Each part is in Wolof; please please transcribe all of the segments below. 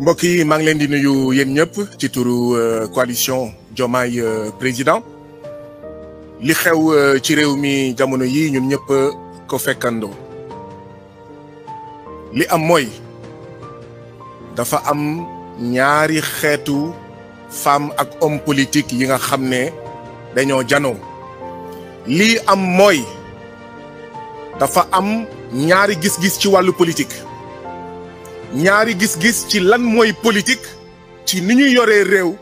mbokk yi maa leen di nuyu yéen ñëpp ci turu euh, coalition Diomaye euh, président li xew euh, ci réew mi jamono yi ñun ñëpp ko fekkandoo li am mooy dafa am ñaari xeetu femme ak homme politique yi nga xam ne dañoo janoo lii am mooy dafa am ñaari gis-gis ci wàllu politique ñaari gis-gis ci lan mooy politique ci ni ñuy yoree réew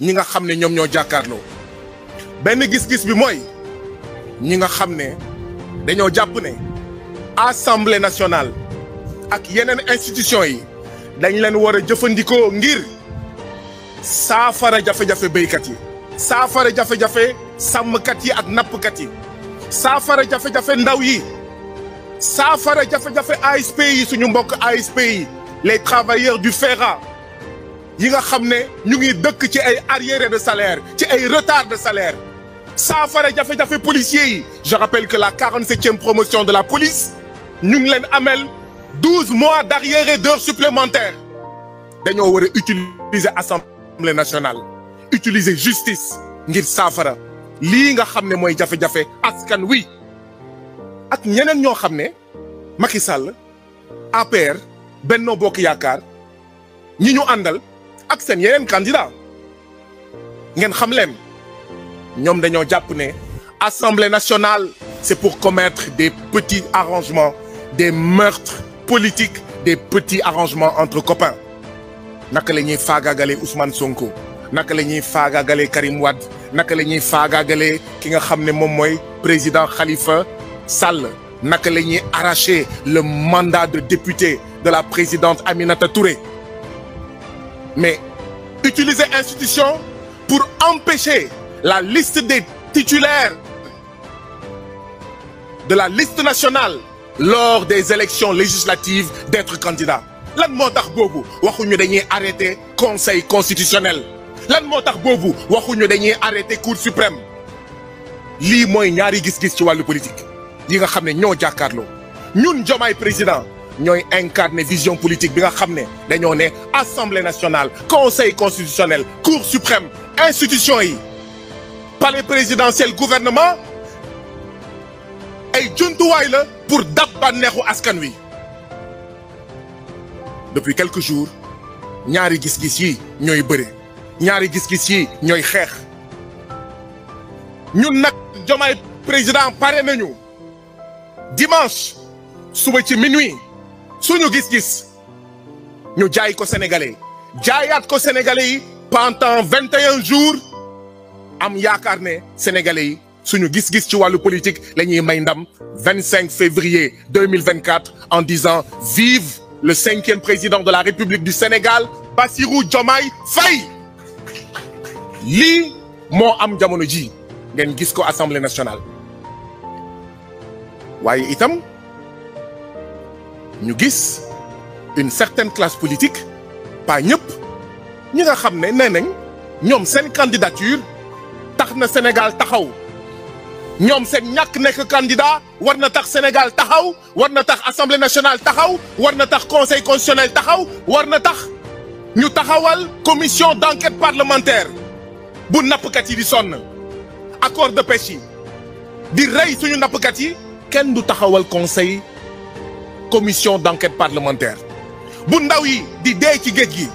ñi nga xam ne ñoom ñoo jàkkaarloo benn gis-gis bi mooy ñi nga xam ne dañoo jàpp ne assemblée nationale ak yeneen institution yi dañ leen war a jëfandikoo ngir saafara jafe-jafe béykat yi saafara jafe-jafe sàmmkat yi ak nappkat yi saafara jafe-jafe ndaw yi saafara jafe-jafe ASP yi suñu mbokk ASP yi les travailleurs du FERA yi nga xam ne ñu ngi dëkk ci ay arriérés de salaire ci ay retard de salaire saafara jafe-jafe policiers yi je rappelle que la 47e promotion de la police ñu ngi leen amel 12 mois d'arriérés d'heures supplémentaires dañoo war a utiliser assemblée nationale utiliser justice ngir saafara lii nga xam ne mooy jafe-jafe askan wi ak ñeneen ñoo xam ne Macky Sall APR Benno Bokk Yaakaar ñi ñu àndal ak seen yeneen candidat ngeen xam leen ñoom dañoo jàpp ne Assemblée nationale c'est pour commettre des petits arrangements des meurtres politiques des petits arrangements entre copains naka la ñuy faagaagalee Ousmane Sonko naka la ñuy faagaagalee Karim Wade naka la ñuy faagaagalee ki nga xam ne moom mooy président Khalifa Sall naka la ñuy arracher le mandat de député de la présidente Aminata Touré mais utiliser institution pour empêcher la liste des titulaires de la liste nationale lors des élections législatives d'être candidat lan moo tax boobu waxuñu dañuy arrêter conseil constitutionnel lan moo tax boobu waxuñu dañuy arrêter cour suprême lii mooy ñaari gis-gis ci wàllu politique yi nga xam ne ñoo jàkkaarloo ñun Diomaye président ñooy incarner vision politique bi nga xam ne dañoo ne assemblée nationale conseil constitutionnel cour suprême institution yi palais présidentiel gouvernement ay jumtuwaay la pour dab bànneexu askan wi depuis quelques jours ñaari gis-gis yi ñooy bëre ñaari gis-gis yi ñooy xeex ñun nag Diomaye président pare nañu dimanche suba ci minuit suñu gis-gis ñu jaay ko sénégalais jaayaat ko sénégalais yi pendant vingt et un jours am yaakaar ne sénégalais yi suñu gis-gis ci wàllu politique la ñuy may ndam vingt cinq février deux mille vingt quatre en disant vive le cinquième président de la république du Sénégal Bassirou Diomaye Faye lii moo am jamono ji ngeen gis ko assemblée nationale. waaye itam ñu gis une certaine classe politique pas ñëpp ñi nga xam ne nee nañ ñoom seen candidature tax na Sénégal taxaw ñoom seen ñàkk nekk candidat war na tax Sénégal taxaw war na tax Assemblée nationale taxaw war na tax Conseil constitutionnel taxaw war na tax ñu taxawal commission d'enquête parlementaire bu nappkat yi di sonn accord de pêche yi di rey suñu nappkat yi kenn du taxawal conseil commission d'enquête parlementaire bu ndaw di dee ci géej gi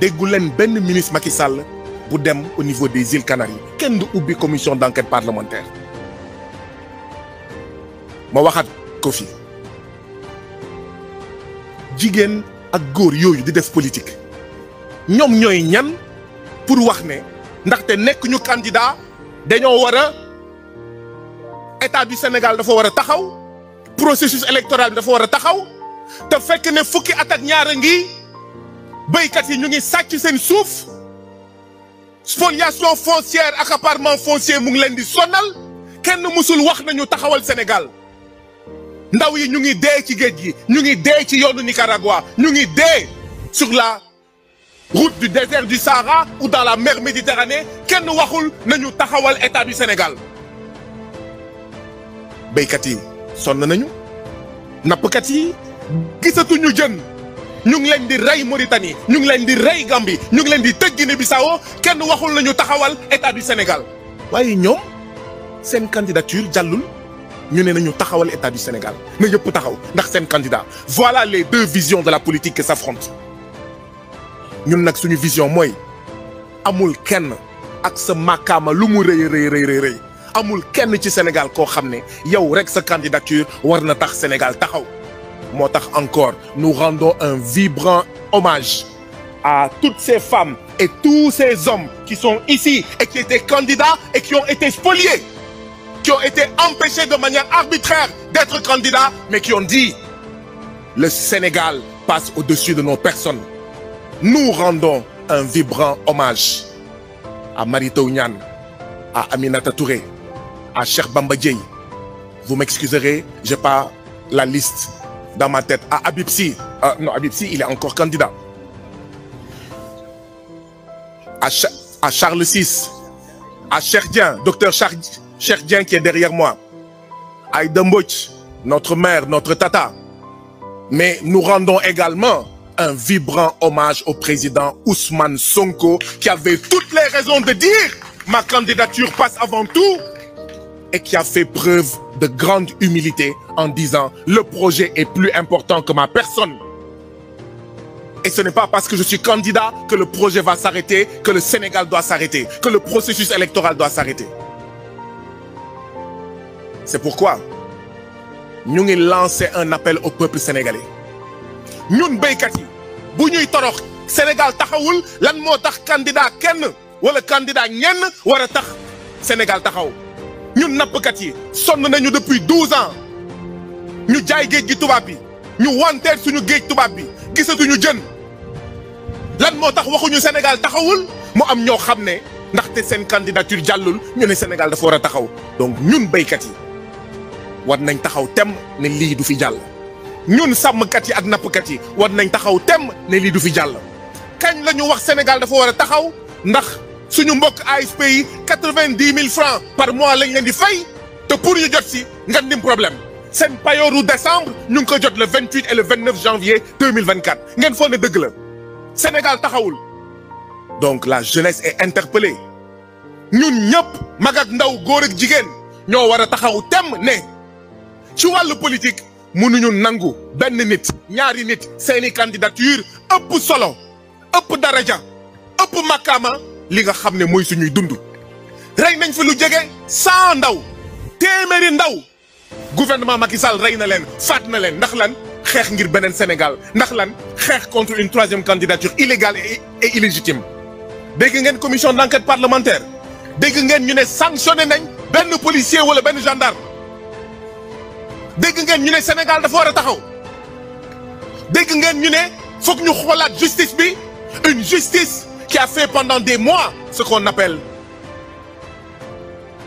déggu leen benn ministre Macky Sall bu dem au niveau des îles Canaries kenn du ubbi commission d'enquête parlementaire ma waxaat ko fi jigéen ak góor yooyu di def politique ñoom ñooy ñan pour wax ne ndaxte nekk ñu candidat dañoo war a état du Sénégal dafa war a taxaw processus électoral dafa war a taxaw te fekk ne fukki atak ñaar a ngi béykat yi ñu ngi sàcc seen suuf spoliation foncière accaparement foncier mu ngi leen di sonal kenn mësul wax nañu taxawal Sénégal ndaw yi ñu ngi dee ci géej gi ñu ngi dee ci yoonu Nicaragua ñu ngi dee sur la route du désert du Sahara ou dans la mer Méditerranée kenn waxul nañu taxawal état du Sénégal béykat yi sonn nañu nappkat yi gisatuñu jën ñu ngi leen di rey Mauritanie ñu ngi leen di rey Gambie ñu ngi leen di tëj Guinée-Bissau kenn waxul nañu taxawal état du Sénégal waaye ñoom seen candidature jàllul ñu ne nañu taxawal état du Sénégal na yëpp taxaw ndax seen candidat voilà les deux visions de la politique qui s'affrontent ñun nag suñu vision mooy amul kenn ak sa màkkaama lu mu rëy rëy rëy rëy amul kenn ci Sénégal koo xam ne yow rek sa candidature war na tax Sénégal taxaw moo tax encore nous rendons un vibrant hommage à toutes ces femmes et tous ces hommes qui sont ici et qui étaient candidats et qui ont été spoliés qui ont été empêchés de manière arbitraire d'être candidats mais qui ont dit le Sénégal passe au-dessus de nos personnes nous rendons un vibrant hommage à Mary Teuw à Aminata à Cheikh Bamba Dièye vous m'excuserez j'ai pas la liste dans ma tête à ah, Habib Sy euh, non Habib il est encore candidat à Cha à Charles VI à Cheikh Dieng docteur Char Cheikh qui est derrière moi Aïda notre mère notre tata mais nous rendons également un vibrant hommage au président Ousmane Sonko qui avait toutes les raisons de dire ma candidature passe avant tout et qui a fait preuve de grande humilité en disant le projet est plus important que ma personne. Et ce n'est pas parce que je suis candidat que le projet va s'arrêter, que le Sénégal doit s'arrêter, que le processus électoral doit s'arrêter. C'est pourquoi ñu ngi lancé un appel au peuple sénégalais ñun béykat yi bu ñuy torox Sénégal taxawul lan moo tax candidat kenn wala candidat ñenn war a tax Sénégal taxaw. ñun nappkat yi sonn nañu depuis douze ans ñu jaay géej gi tubaab yi ñu wanteer suñu géej tubaab bi gisatuñu jën lan moo tax waxuñu Sénégal taxawul mu am ñoo xam ne ndaxte seen candidature jàllul ñu ne Sénégal dafa war a taxaw donc ñun béykat yi war nañ taxaw tem ne lii du fi jàll ñun sàmmkat yi ak nappkat yi war nañ taxaw tem ne lii du fi jàll kañ la ñu wax Sénégal dafa war a taxaw ndax suñu mbokk AFP yi vingt dix mille francs par mois lañ leen di fay te pour ñu jot si nga dim problème seen payooru décembre ñu ngi ko jot le vingt-huit et le vingt-neuf janvier deux mille vingt ngeen foog ne dëgg la Sénégal taxawul donc la jeunesse est interpellée ñun ñëpp mag ndaw góor ak jigéen ñoo war a taxaw tem ne ci wàllu politique mënuñu nangu benn nit ñaari nit seeni candidature ëpp solo ëpp daraja ëpp makaama li nga xam ne mooy suñuy dund rey nañ fi lu jege cent ndaw téeméeri ndaw gouvernement Macky Sall rey na leen faat na leen ndax lan xeex ngir beneen Sénégal ndax lan xeex contre une troisième candidature illégale et illégitime dégg ngeen commission d'enquête parlementaire dégg ngeen ñu ne sanctionné nañ benn policier wala benn gendarme dégg ngeen ñu ne Sénégal dafa war a taxaw dégg ngeen ñu ne foog ñu xoolaat justice bi une justice qui a fait pendant des mois ce qu'on appelle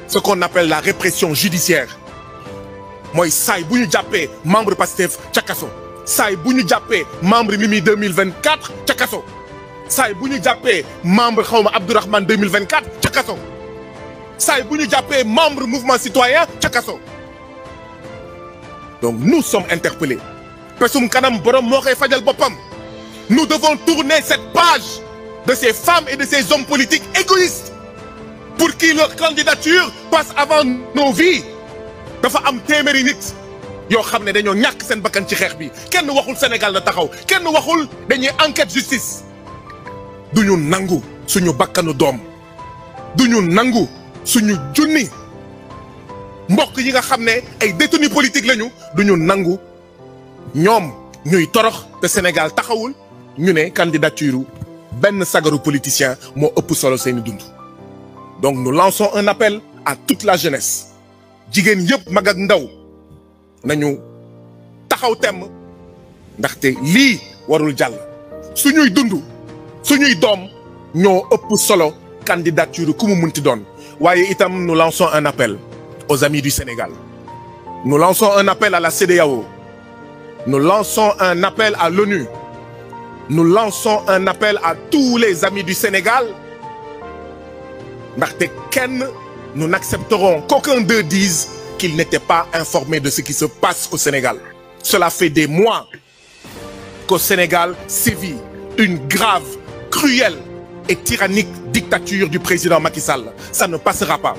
ce qu'on appelle la répression judiciaire mooy saay bu ñu jàppee membre Pastef ca kaso saay bu ñu jàppee membre Mimi 2024 ca kaso saay bu ñu jàppee membre xawma Abdourahmane 2024 ca kaso saay bu ñu jàppee membre mouvement citoyen ca kaso donc nous sommes interpellés pesum kanam borom moo koy fajal boppam nous devons tourner cette page de ces femmes et de ces hommes politiques égoïstes pour qui leur candidature passe avant nos vies dafa am téeméeri nit yoo xam ne dañoo ñàkk seen bakkan ci xeex bi kenn waxul Sénégal na taxaw kenn waxul dañuy enquête justice du ñu nangu suñu bakkanu doom du ñu nangu suñu junni mbokk yi nga xam ne ay détenus politiques lañu du ñu nangu ñoom ñuy torox te Sénégal taxawul ñu ne candidature benn sagaru politicien moo ëpp solo seeni dund donc nous lançons un appel à toute la jeunesse jigéen yëpp mag ndaw nañu taxaw temm ndaxte lii warul jal suñuy dund suñuy doom ñoo ëpp solo candidature ku mu munti doon waaye itam nous lançons un appel aux amis du Sénégal nous lançons un appel à la CEDEAO nous lançons un appel à l'ONU nous lançons un appel à tous les amis du Sénégal ndaxte kenn nous n'accepterons qu'aucun d'eux dise qu'ils n'étaient pas informés de ce qui se passe au Sénégal cela fait des mois qu'au Sénégal sévit une grave cruelle et tyrannique dictature du président Macky Sall ça ne passera pas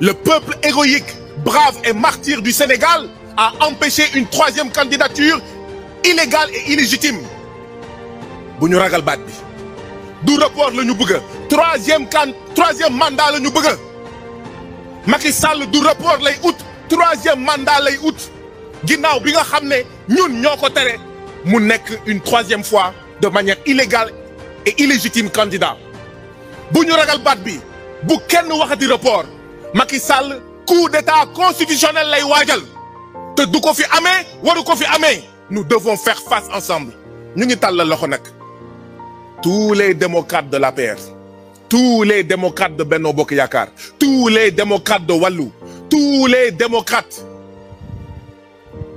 le peuple héroïque brave et martyr du Sénégal a empêché une troisième candidature illégale et illégitime bu ñu ragal baat bi du rapport la ñu bëgg a troisième kan troisième mandat la ñu bëgg a Sall du rapport lay ut troisième mandat lay ut ginnaaw bi nga xam ne ñun ñoo ko tere mu nekk une troisième fois de manière illégale et illégitime candidat bu ñu ragal baat bi bu kenn waxati rapport Macky Sall coup d'état constitutionnel lay waajal te du ko fi amee waru ko fi amee nous devons faire face ensemble ñu ngi tàllal loxo nag tous les démocrates de la l'APR tous les démocrates de benn Bokk Yakaar tous les démocrates de Wallu tous les démocrates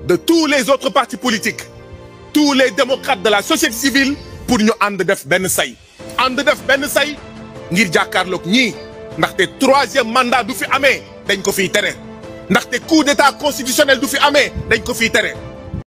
de tous les autres partis politiques tous les démocrates de la société civile pour ñu ànd def benn say ànd def benn say ngir jàkkaarloog ñii ndaxte troisième mandat du fi amee dañ ko fiy tere ndaxte coup d'état constitutionnel du fi amee dañ ko fiy tere